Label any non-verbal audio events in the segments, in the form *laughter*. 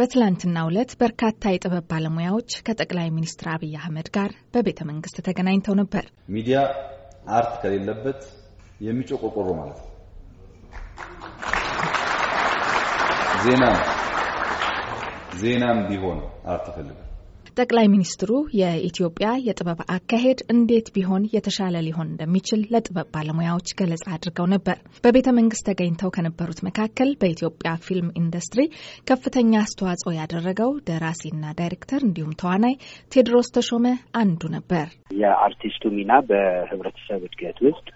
በትላንትናው ዕለት በርካታ የጥበብ ባለሙያዎች ከጠቅላይ ሚኒስትር አብይ አህመድ ጋር በቤተ መንግስት ተገናኝተው ነበር። ሚዲያ አርት ከሌለበት የሚጮህ ቆቆሮ ማለት ነው። ዜናም ዜናም ቢሆን አርት ይፈልጋል። ጠቅላይ ሚኒስትሩ የኢትዮጵያ የጥበብ አካሄድ እንዴት ቢሆን የተሻለ ሊሆን እንደሚችል ለጥበብ ባለሙያዎች ገለጻ አድርገው ነበር። በቤተ መንግስት ተገኝተው ከነበሩት መካከል በኢትዮጵያ ፊልም ኢንዱስትሪ ከፍተኛ አስተዋጽኦ ያደረገው ደራሲና ዳይሬክተር እንዲሁም ተዋናይ ቴዎድሮስ ተሾመ አንዱ ነበር። የአርቲስቱ ሚና በህብረተሰብ እድገት ውስጥ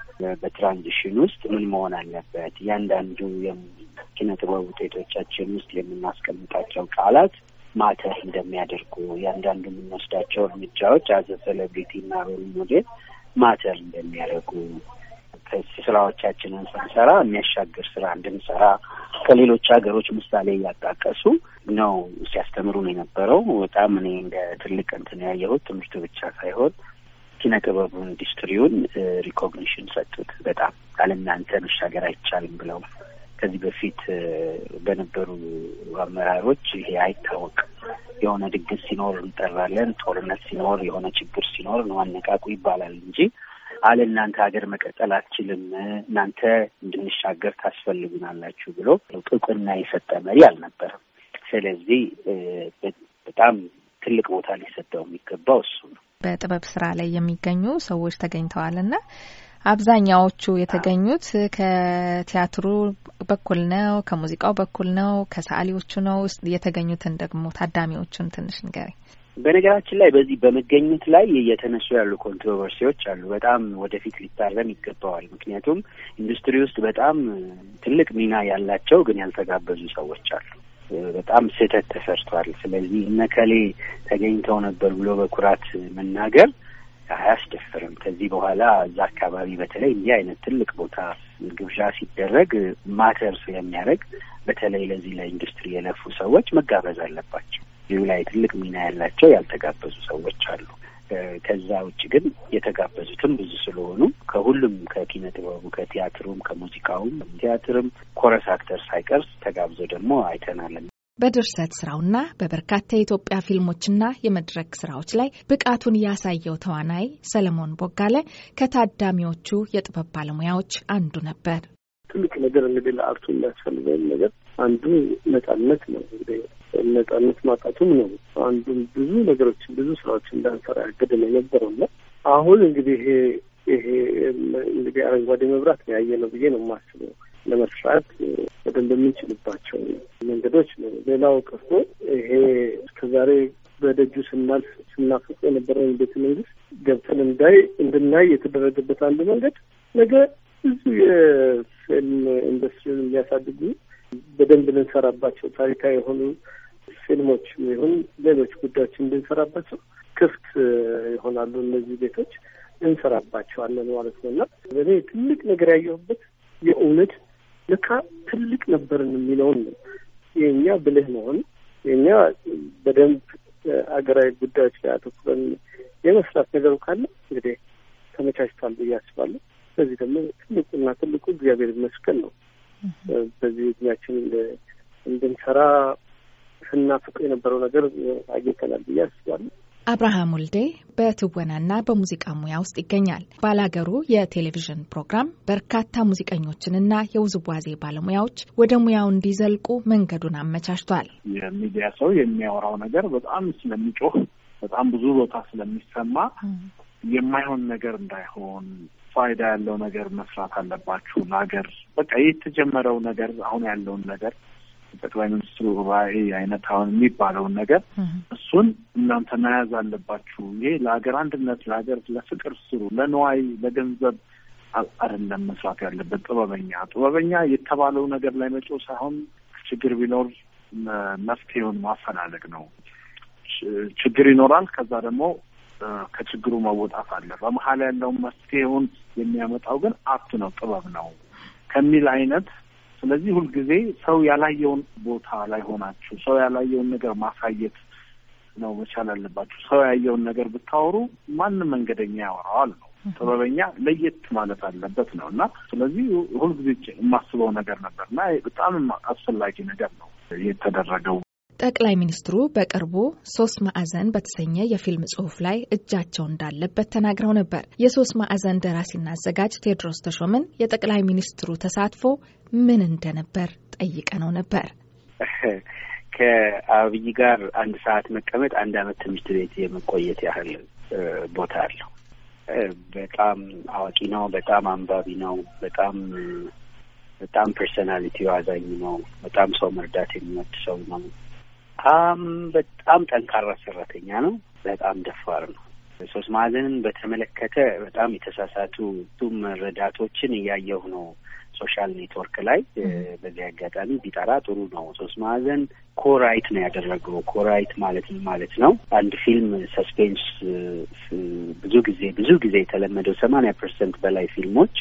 በትራንዚሽን ውስጥ ምን መሆን አለበት? እያንዳንዱ የኪነ ጥበብ ውጤቶቻችን ውስጥ የምናስቀምጣቸው ቃላት ማተር እንደሚያደርጉ እያንዳንዱ የምንወስዳቸው እርምጃዎች አዘ ሴሌብሪቲ እና ሮል ሞዴል ማተር እንደሚያደርጉ ስራዎቻችንን ስንሰራ የሚያሻግር ስራ እንድንሰራ ከሌሎች ሀገሮች ምሳሌ እያጣቀሱ ነው ሲያስተምሩ ነው የነበረው። በጣም እኔ እንደ ትልቅ እንትን ያየሁት ትምህርቱ ብቻ ሳይሆን ኪነ ጥበቡን ኢንዱስትሪውን ሪኮግኒሽን ሰጡት። በጣም ካለ መሻገር አይቻልም ብለው ከዚህ በፊት በነበሩ አመራሮች ይሄ አይታወቅ የሆነ ድግስ ሲኖር እንጠራለን፣ ጦርነት ሲኖር፣ የሆነ ችግር ሲኖር ነው አነቃቁ ይባላል እንጂ አለ እናንተ ሀገር መቀጠል አትችልም፣ እናንተ እንድንሻገር ታስፈልጉናላችሁ ብሎ ጥቁና የሰጠ መሪ አልነበረም። ስለዚህ በጣም ትልቅ ቦታ ሊሰጠው የሚገባው እሱ ነው። በጥበብ ስራ ላይ የሚገኙ ሰዎች ተገኝተዋል እና አብዛኛዎቹ የተገኙት ከቲያትሩ በኩል ነው፣ ከሙዚቃው በኩል ነው፣ ከሰዓሊዎቹ ነው። የተገኙትን ደግሞ ታዳሚዎቹን ትንሽ ንገሪ። በነገራችን ላይ በዚህ በመገኘት ላይ እየተነሱ ያሉ ኮንትሮቨርሲዎች አሉ። በጣም ወደፊት ሊታረም ይገባዋል። ምክንያቱም ኢንዱስትሪ ውስጥ በጣም ትልቅ ሚና ያላቸው ግን ያልተጋበዙ ሰዎች አሉ። በጣም ስህተት ተሰርቷል። ስለዚህ እነከሌ ተገኝተው ነበር ብሎ በኩራት መናገር አያስደፍርም። ከዚህ በኋላ እዛ አካባቢ በተለይ እንዲህ አይነት ትልቅ ቦታ ግብዣ ሲደረግ ማተር ስለሚያደርግ በተለይ ለዚህ ለኢንዱስትሪ የለፉ ሰዎች መጋበዝ አለባቸው። ይህ ላይ ትልቅ ሚና ያላቸው ያልተጋበዙ ሰዎች አሉ። ከዛ ውጭ ግን የተጋበዙትም ብዙ ስለሆኑ ከሁሉም ከኪነ ጥበቡ ከቲያትሩም፣ ከሙዚቃውም፣ ቲያትርም ኮረስ አክተር ሳይቀርስ ተጋብዞ ደግሞ አይተናል። በድርሰት ስራውና በበርካታ የኢትዮጵያ ፊልሞችና የመድረክ ስራዎች ላይ ብቃቱን ያሳየው ተዋናይ ሰለሞን ቦጋለ ከታዳሚዎቹ የጥበብ ባለሙያዎች አንዱ ነበር። ትልቅ ነገር እንግዲህ ለአርቱ የሚያስፈልገውን ነገር አንዱ ነጻነት ነው። እንግዲህ ነጻነት ማጣቱም ነው አንዱም ብዙ ነገሮችን ብዙ ስራዎችን እንዳንሰራ ያገደን የነበረውና አሁን እንግዲህ ይሄ ይሄ እንግዲህ አረንጓዴ መብራት ያየ ነው ብዬ ነው የማስበው። ለመስራት በደንብ የምንችልባቸው መንገዶች ነው። ሌላው ቀርቶ ይሄ እስከዛሬ በደጁ ስናልፍ ስናፍቅ የነበረውን ቤተ መንግስት ገብተን እንዳይ እንድናይ የተደረገበት አንዱ መንገድ ነገ ብዙ የፊልም ኢንዱስትሪን የሚያሳድጉ በደንብ ልንሰራባቸው ታሪካዊ የሆኑ ፊልሞች ይሁን ሌሎች ጉዳዮች እንድንሰራባቸው ክፍት ይሆናሉ። እነዚህ ቤቶች እንሰራባቸዋለን ማለት ነው እና እኔ ትልቅ ነገር ያየሁበት የእውነት ልካ ትልቅ ነበርን የሚለውን ነው። የእኛ ብልህ መሆን የእኛ በደንብ አገራዊ ጉዳዮች ላይ አተኩረን የመስራት ነገሩ ካለ እንግዲህ ተመቻችቷል ብዬ አስባለሁ። በዚህ ደግሞ ትልቁና ትልቁ እግዚአብሔር ይመስገን ነው። በዚህ እድሜያችን እንድንሰራ ስናፍቅ የነበረው ነገር አግኝተናል ብዬ አስባለሁ። አብርሃም ወልዴ በትወናና በሙዚቃ ሙያ ውስጥ ይገኛል። ባላገሩ የቴሌቪዥን ፕሮግራም በርካታ ሙዚቀኞችንና የውዝዋዜ ባለሙያዎች ወደ ሙያው እንዲዘልቁ መንገዱን አመቻችቷል። የሚዲያ ሰው የሚያወራው ነገር በጣም ስለሚጮህ፣ በጣም ብዙ ቦታ ስለሚሰማ የማይሆን ነገር እንዳይሆን ፋይዳ ያለው ነገር መስራት አለባችሁ ለሀገር በቃ የተጀመረው ነገር አሁን ያለውን ነገር ጠቅላይ ሚኒስትሩ ራዕይ አይነት አሁን የሚባለውን ነገር እሱን እናንተ መያዝ አለባችሁ። ይሄ ለሀገር አንድነት፣ ለሀገር ለፍቅር ስሩ። ለንዋይ ለገንዘብ አይደለም መስራት ያለበት ጥበበኛ ጥበበኛ የተባለው ነገር ላይ መጮ ሳይሆን ችግር ቢኖር መፍትሄውን ማፈላለግ ነው። ችግር ይኖራል። ከዛ ደግሞ ከችግሩ መወጣት አለ። በመሀል ያለውን መፍትሄውን የሚያመጣው ግን አብት ነው ጥበብ ነው ከሚል አይነት ስለዚህ ሁልጊዜ ሰው ያላየውን ቦታ ላይ ሆናችሁ ሰው ያላየውን ነገር ማሳየት ነው መቻል አለባችሁ። ሰው ያየውን ነገር ብታወሩ ማንም መንገደኛ ያወራዋል ነው። ጥበበኛ ለየት ማለት አለበት ነው እና ስለዚህ ሁልጊዜ የማስበው ነገር ነበር እና በጣም አስፈላጊ ነገር ነው የተደረገው። ጠቅላይ ሚኒስትሩ በቅርቡ ሶስት ማዕዘን በተሰኘ የፊልም ጽሁፍ ላይ እጃቸው እንዳለበት ተናግረው ነበር። የሶስት ማዕዘን ደራሲና አዘጋጅ ቴዎድሮስ ተሾመን የጠቅላይ ሚኒስትሩ ተሳትፎ ምን እንደነበር ጠይቀነው ነበር። *laughs* ከአብይ ጋር አንድ ሰዓት መቀመጥ አንድ አመት ትምህርት ቤት የመቆየት ያህል ቦታ አለው። በጣም አዋቂ ነው። በጣም አንባቢ ነው። በጣም በጣም ፐርሶናሊቲው አዛኝ ነው። በጣም ሰው መርዳት የሚወድ ሰው ነው። በጣም በጣም ጠንካራ ሰራተኛ ነው። በጣም ደፋር ነው። ሶስት ማዕዘንን በተመለከተ በጣም የተሳሳቱ መረዳቶችን እያየሁ ነው። ሶሻል ኔትወርክ ላይ በዚህ አጋጣሚ ቢጠራ ጥሩ ነው። ሶስት ማዕዘን ኮራይት ነው ያደረገው። ኮራይት ማለት ማለት ነው? አንድ ፊልም ሰስፔንስ ብዙ ጊዜ ብዙ ጊዜ የተለመደው ሰማንያ ፐርሰንት በላይ ፊልሞች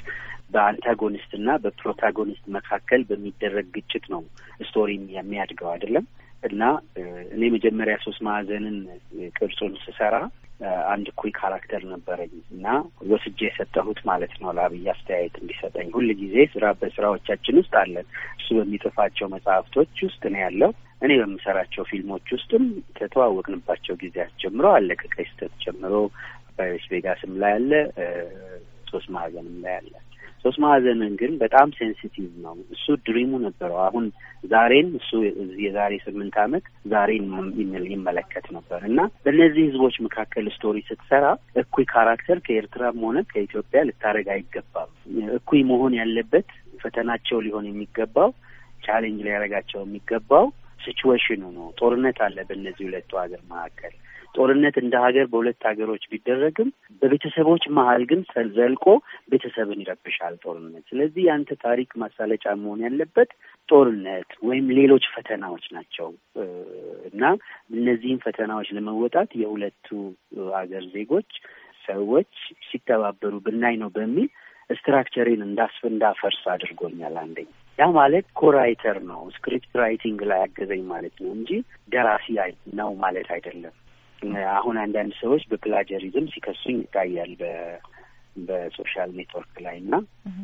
በአንታጎኒስት እና በፕሮታጎኒስት መካከል በሚደረግ ግጭት ነው ስቶሪ የሚያድገው አይደለም። እና እኔ መጀመሪያ ሶስት ማዕዘንን ቅርጹን ስሰራ አንድ ኩይ ካራክተር ነበረኝ እና ወስጄ የሰጠሁት ማለት ነው ለአብይ አስተያየት እንዲሰጠኝ። ሁል ጊዜ ስራ በስራዎቻችን ውስጥ አለን። እሱ በሚጽፋቸው መጽሐፍቶች ውስጥ ነው ያለው። እኔ በምሰራቸው ፊልሞች ውስጥም ከተዋወቅንባቸው ጊዜያት ጀምሮ አለ። ከቀይ ስህተት ጀምሮ በቬስ ቬጋስም ላይ አለ፣ ሶስት ማዕዘንም ላይ አለ። ሶስት ማዕዘንን ግን በጣም ሴንሲቲቭ ነው። እሱ ድሪሙ ነበረው። አሁን ዛሬን እሱ የዛሬ ስምንት ዓመት ዛሬን ይመለከት ነበር እና በእነዚህ ህዝቦች መካከል ስቶሪ ስትሰራ እኩይ ካራክተር ከኤርትራም ሆነ ከኢትዮጵያ ልታደረግ አይገባም። እኩይ መሆን ያለበት ፈተናቸው ሊሆን የሚገባው ቻሌንጅ ሊያደረጋቸው የሚገባው ሲቹዌሽኑ ነው። ጦርነት አለ በእነዚህ ሁለቱ ሀገር መካከል ጦርነት እንደ ሀገር በሁለት ሀገሮች ቢደረግም በቤተሰቦች መሀል ግን ዘልቆ ቤተሰብን ይረብሻል ጦርነት። ስለዚህ የአንተ ታሪክ ማሳለጫ መሆን ያለበት ጦርነት ወይም ሌሎች ፈተናዎች ናቸው እና እነዚህን ፈተናዎች ለመወጣት የሁለቱ ሀገር ዜጎች ሰዎች ሲተባበሩ ብናይ ነው በሚል ስትራክቸሬን እንዳስፍ እንዳፈርስ አድርጎኛል። አንደኛ ያ ማለት ኮራይተር ነው ስክሪፕት ራይቲንግ ላይ ያገዘኝ ማለት ነው እንጂ ደራሲ ነው ማለት አይደለም። አሁን አንዳንድ ሰዎች በፕላጀሪዝም ሲከሱኝ ይታያል በሶሻል ኔትወርክ ላይ እና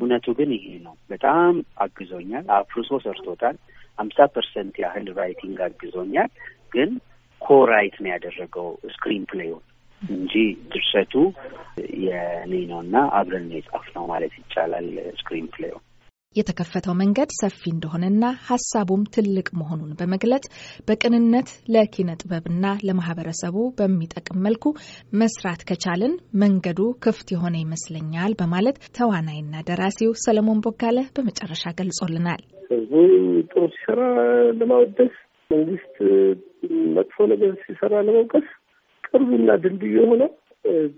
እውነቱ ግን ይሄ ነው። በጣም አግዞኛል። አፍርሶ ሰርቶታል። ሀምሳ ፐርሰንት ያህል ራይቲንግ አግዞኛል። ግን ኮራይት ነው ያደረገው ስክሪን ፕሌዩን እንጂ ድርሰቱ የኔ ነው እና አብረን ነው ማለት ይቻላል ስክሪን ፕሌዩን የተከፈተው መንገድ ሰፊ እንደሆነና ሀሳቡም ትልቅ መሆኑን በመግለጽ በቅንነት ለኪነ ጥበብና ለማህበረሰቡ በሚጠቅም መልኩ መስራት ከቻልን መንገዱ ክፍት የሆነ ይመስለኛል በማለት ተዋናይና ደራሲው ሰለሞን ቦጋለ በመጨረሻ ገልጾልናል። ህዝቡ ጥሩ ሲሰራ ለማወደስ፣ መንግስት መጥፎ ነገር ሲሰራ ለመውቀስ ቅርቡና ድልድዩ የሆነ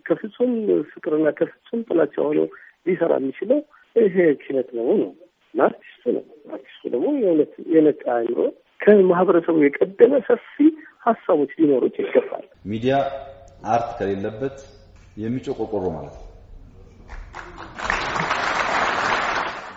ከፍጹም ፍቅርና ከፍጹም ጥላቻ ሆኖ ሊሰራ የሚችለው ይሄ ኪነት ነው ነው እና አርቲስቱ ነው። አርቲስቱ ደግሞ የነቃ አይምሮ ከማህበረሰቡ የቀደመ ሰፊ ሀሳቦች ሊኖሩት ይገባል። ሚዲያ አርት ከሌለበት የሚጮህ ቆርቆሮ ማለት ነው።